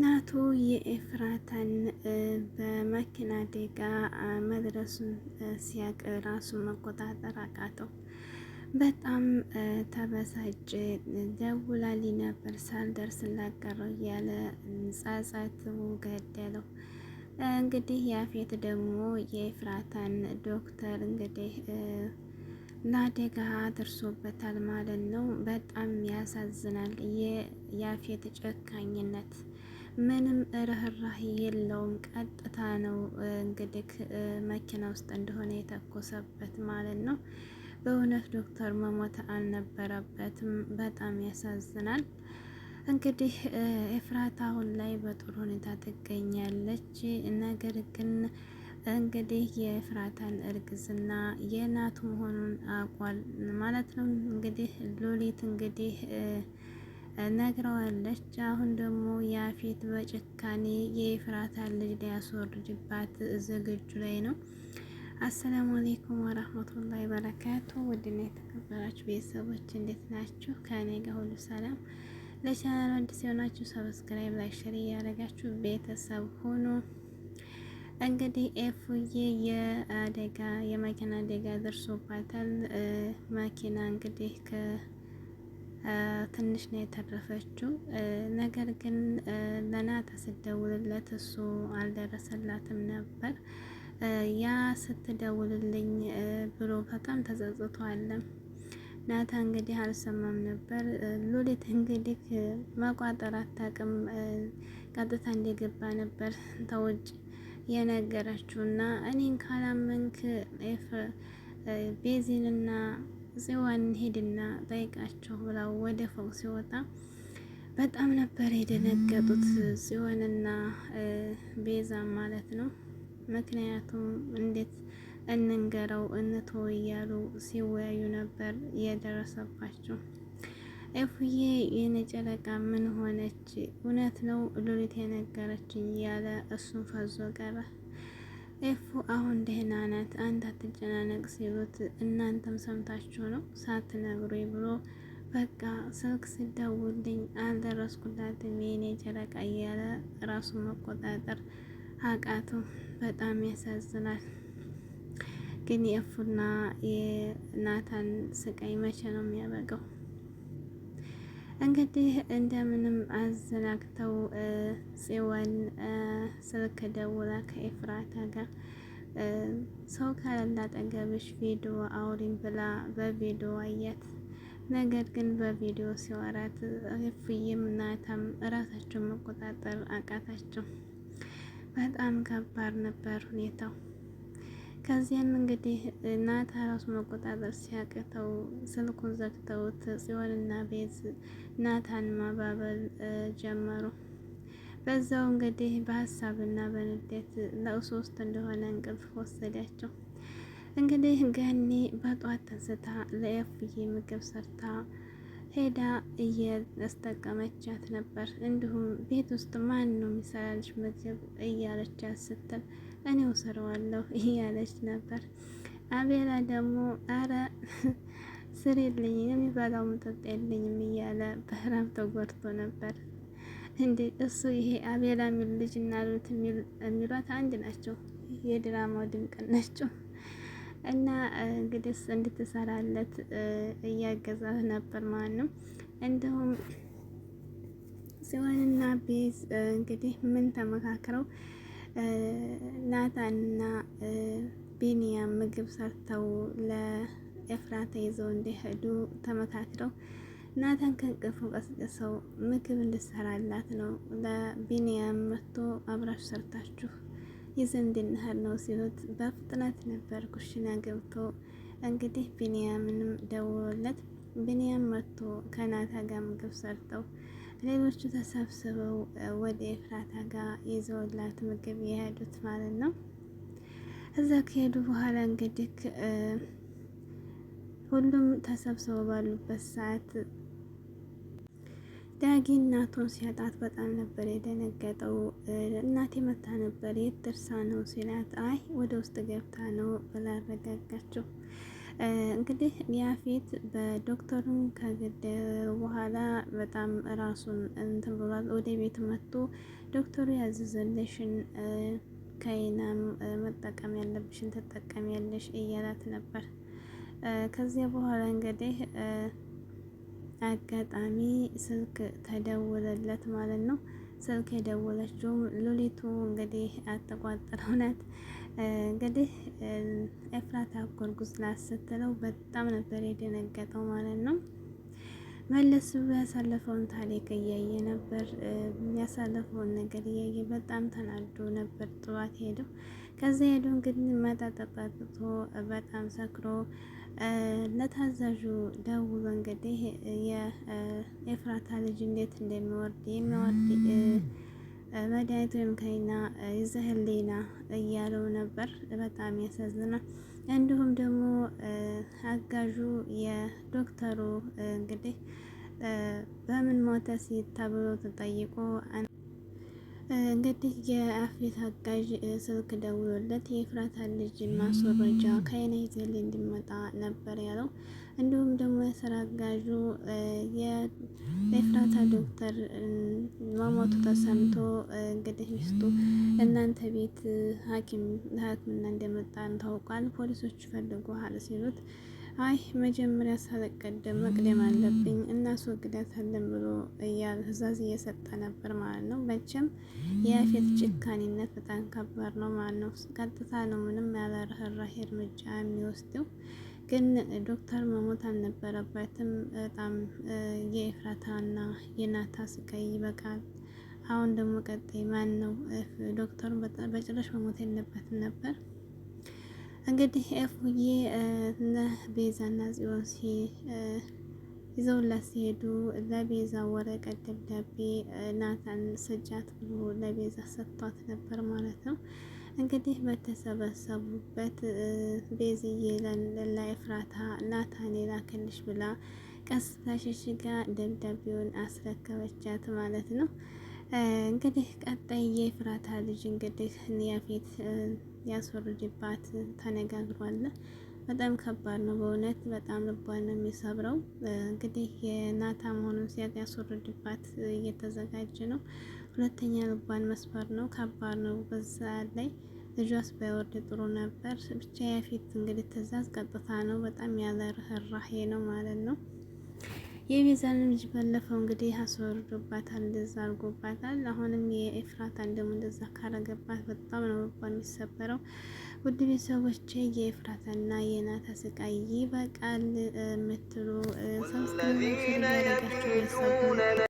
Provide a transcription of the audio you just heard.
ናቱ የኤፍራታን በመኪና አደጋ መድረሱን ሲያቅ ራሱ መቆጣጠር አቃተው። በጣም ተበሳጭ። ደውላልኝ ነበር ሳልደርስ ቀረሁ እያለ ጸጸቱ ገደለው። እንግዲህ ያፌት ደግሞ የኤፍራታን ዶክተር እንግዲህ ለአደጋ አድርሶበታል ማለት ነው። በጣም ያሳዝናል የያፌት ጨካኝነት። ምንም ርህራህ የለውም። ቀጥታ ነው እንግዲህ መኪና ውስጥ እንደሆነ የተኮሰበት ማለት ነው። በእውነት ዶክተር መሞት አልነበረበትም። በጣም ያሳዝናል። እንግዲህ ኤፍራት አሁን ላይ በጥሩ ሁኔታ ትገኛለች። ነገር ግን እንግዲህ የኤፍራታን እርግዝና የናቱ መሆኑን አቋል ማለት ነው። እንግዲህ ሎሊት እንግዲህ ነግረዋለች። አሁን ደግሞ ያፌት በጭካኔ የኤፍራታን ልጅ ሊያስወርድባት ዝግጁ ላይ ነው። አሰላሙ አሌይኩም ወራህመቱላሂ ወበረካቱ። ውድና የተከበራችሁ ቤተሰቦች እንዴት ናችሁ? ከኔ ጋር ሁሉ ሰላም። ለቻናል አዲስ የሆናችሁ ሰብስክራይብ፣ ላይክ፣ ሼር እያደረጋችሁ ቤተሰብ ሁኑ። እንግዲህ ኤፉዬ የአደጋ የመኪና አደጋ ደርሶባታል። መኪና እንግዲህ ትንሽ ነው የተረፈችው። ነገር ግን ለናታ ስደውልለት እሱ አልደረሰላትም ነበር። ያ ስትደውልልኝ ብሎ በጣም ተጸጽቷለም። ናታ እንግዲህ አልሰማም ነበር። ሉሊት እንግዲህ መቋጠር አታቅም። ቀጥታ እንደገባ ነበር ተውጭ የነገረችው እና እኔን ካላመንክ ቤዚንና ጽዮን ሄድና ጠይቃቸው ብላው ወደ ፎቅ ሲወጣ በጣም ነበር የደነገጡት ጽዮንና ቤዛ ማለት ነው። ምክንያቱም እንዴት እንንገረው እንቶ እያሉ ሲወያዩ ነበር የደረሰባቸው። ኤፉዬ የኔ ጨረቃ ምን ሆነች? እውነት ነው ሉሊት የነገረችኝ ያለ እሱን ፈዞ ቀረ። ኤፉ አሁን ደህና ናት፣ አንተ አትጨናነቅ ሲሉት እናንተም ሰምታችሁ ነው ሳትነግሩኝ ብሎ በቃ ስልክ ስደውልኝ አልደረስኩላትም የኔ ጨረቃ እያለ ራሱን መቆጣጠር አቃቱ። በጣም ያሳዝናል። ግን የኤፉና የናታን ስቃይ መቼ ነው የሚያበቃው? እንግዲህ እንደምንም አዘናግተው ጽዮን ስልክ ደውላ ከኤፍራታ ጋር ሰው ካለላ አጠገብሽ ቪዲዮ አውሪኝ ብላ በቪዲዮ አያት። ነገር ግን በቪዲዮ ሲወራት እፍዬም ናታም ራሳቸውን መቆጣጠር አቃታቸው። በጣም ከባድ ነበር ሁኔታው። ከዚያም እንግዲህ ናታ ራሱ መቆጣጠር ሲያቅተው ስልኩን ዘግተውት ጽዮንና ቤዝ ናታን ማባበል ጀመሩ። በዛው እንግዲህ በሀሳብና በንዴት ለሶስት እንደሆነ እንቅልፍ ወሰዳቸው። እንግዲህ ገኒ በጧት ተንስታ ለኤፍዬ ምግብ ሰርታ ሄዳ እያስጠቀመቻት ነበር። እንዲሁም ቤት ውስጥ ማን ነው የሚሰራልሽ ምግብ እያለቻት ስትል እኔ ወሰረዋለሁ እያለች ነበር። አቤላ ደግሞ አረ ስር የለኝም የሚበላው መጠጥ የለኝም እያለ በህራም ተጎድቶ ነበር። እንዴ እሱ ይሄ አቤላ የሚል ልጅ እና ሩት የሚሏት አንድ ናቸው። የድራማው ድምቅ ናቸው። እና እንግዲህ እንድትሰራለት እያገዛ ነበር ማለት ነው። እንዲሁም ጽዮንና ቤዝ እንግዲህ ምን ተመካክረው ናታንና ቢንያም ምግብ ሰርተው ለኤፍራታ ይዘው እንዲሄዱ ተመካክረው ናታን ከእንቅልፉ ቀስቅሰው ምግብ እንድሰራላት ነው ለቢንያም መጥቶ አብራሽ ሰርታችሁ ይዘን እንድንሄድ ነው ሲሉት በፍጥነት ነበር ኩሽና ገብቶ እንግዲህ ቢንያምንም ደውሎለት ቢንያም መጥቶ ከናታ ጋር ምግብ ሰርተው ሌሎቹ ተሰብስበው ወደ ኤፍራታ ጋር ይዘውላት ምግብ የሄዱት ማለት ነው። እዛ ከሄዱ በኋላ እንግዲህ ሁሉም ተሰብስበው ባሉበት ሰዓት ዳጊ እናቱን ሲያጣት በጣም ነበር የደነገጠው። እናቴ መታ ነበር የት ደርሳ ነው ሲላት፣ አይ ወደ ውስጥ ገብታ ነው ብላ አረጋጋቸው። እንግዲህ ያፌት በዶክተሩን ከገደለ በኋላ በጣም ራሱን እንትን ብሏል። ወደ ቤት መጥቶ ዶክተሩ ያዘዘለሽን ከይናም መጠቀም ያለብሽን ተጠቀም ያለሽ እያላት ነበር። ከዚያ በኋላ እንግዲህ አጋጣሚ ስልክ ተደወለለት ማለት ነው። ስልክ የደወለችው ሉሊቱ እንግዲህ አተቋጠረው ናት። እንግዲህ ኤፍራታ ጎርጉዝ ናት ስትለው በጣም ነበር የደነገጠው ማለት ነው። መለሱ ያሳለፈውን ታሪክ እያየ ነበር። ያሳለፈውን ነገር እያየ በጣም ተናዶ ነበር ጥዋት ሄደው። ከዚያ ሄዶ እንግዲህ መጠጥ ጠጥቶ በጣም ሰክሮ ለታዛዡ ደውሎ እንግዲህ የኤፍራታ ልጅ እንዴት እንደሚወርድ የሚወርድ መድኃኒት ወይም ከይና ይዘህልና እያለው ነበር። በጣም ያሳዝናል። እንዲሁም ደግሞ አጋዡ የዶክተሩ እንግዲህ በምን ሞተ ሲታብሎ ተጠይቆ እንግዲህ የአፌት አጋዥ ስልክ ደውሎለት የኤፍራታን ልጅ ማስወረጃ ከአይነ ይዘል እንዲመጣ ነበር ያለው። እንዲሁም ደግሞ የስራ አጋዡ የኤፍራታ ዶክተር መሞቱ ተሰምቶ እንግዲህ ሚስቱ እናንተ ቤት ሐኪም ለሕክምና እንደመጣን ታውቋል፣ ፖሊሶች ፈልጎሃል ሲሉት አይ መጀመሪያ ሳልቀደም መቅደም አለብኝ እናስወግዳታለን ብሎ እያለ ትዕዛዝ እየሰጠ ነበር ማለት ነው። መቼም የፊት ጭካኔነት በጣም ከባድ ነው ማለት ነው። ቀጥታ ነው ምንም ያለ ርህራሄ እርምጃ የሚወስደው። ግን ዶክተር መሞት አልነበረበትም። በጣም የኤፍራታና የናታ ስቃይ ይበቃል። አሁን ደግሞ ቀጣይ ማን ነው? ዶክተሩ በጭራሽ መሞት የለበትም ነበር። እንግዲህ ኤፉዬ እነ ቤዛና ጽዮን ሲ ይዘውላት ሲሄዱ ለቤዛ ወረቀት ደብዳቤ ናታን ስጃት ብሎ ለቤዛ ሰጥቷት ነበር ማለት ነው። እንግዲህ በተሰበሰቡበት ቤዝዬ ለኤፍራታ ናታን የላክልሽ ብላ ቀስታ ሸሽጋ ደብዳቤውን አስረከበቻት ማለት ነው። እንግዲህ ቀጣይ የኤፍራታ ልጅ እንግዲህ ያፌት ያስወርድባት ተነጋግሯል። በጣም ከባድ ነው በእውነት በጣም ልቧን ነው የሚሰብረው። እንግዲህ የናታ መሆኑን ሲያቅ ያስወርድባት እየተዘጋጀ ነው። ሁለተኛ ልቧን መስበር ነው ከባድ ነው። በዛ ላይ ልጇስ ባይወርድ ጥሩ ነበር። ብቻ የፊት እንግዲህ ትዕዛዝ ቀጥታ ነው። በጣም ያለ ርህራሄ ነው ማለት ነው። የቤዛን ልጅ ባለፈው እንግዲህ አስወርዶባታል፣ እንደዛ አርጎባታል። አሁንም የኤፍራት ደግሞ እንደዛ ካረገባት በጣም ነው ልቧ የሚሰበረው። ውድ ቤተሰቦቼ የኤፍራታና የናታ ስቃይ ይበቃል የምትሉ ሰብስክራይብ ያደረጋችሁ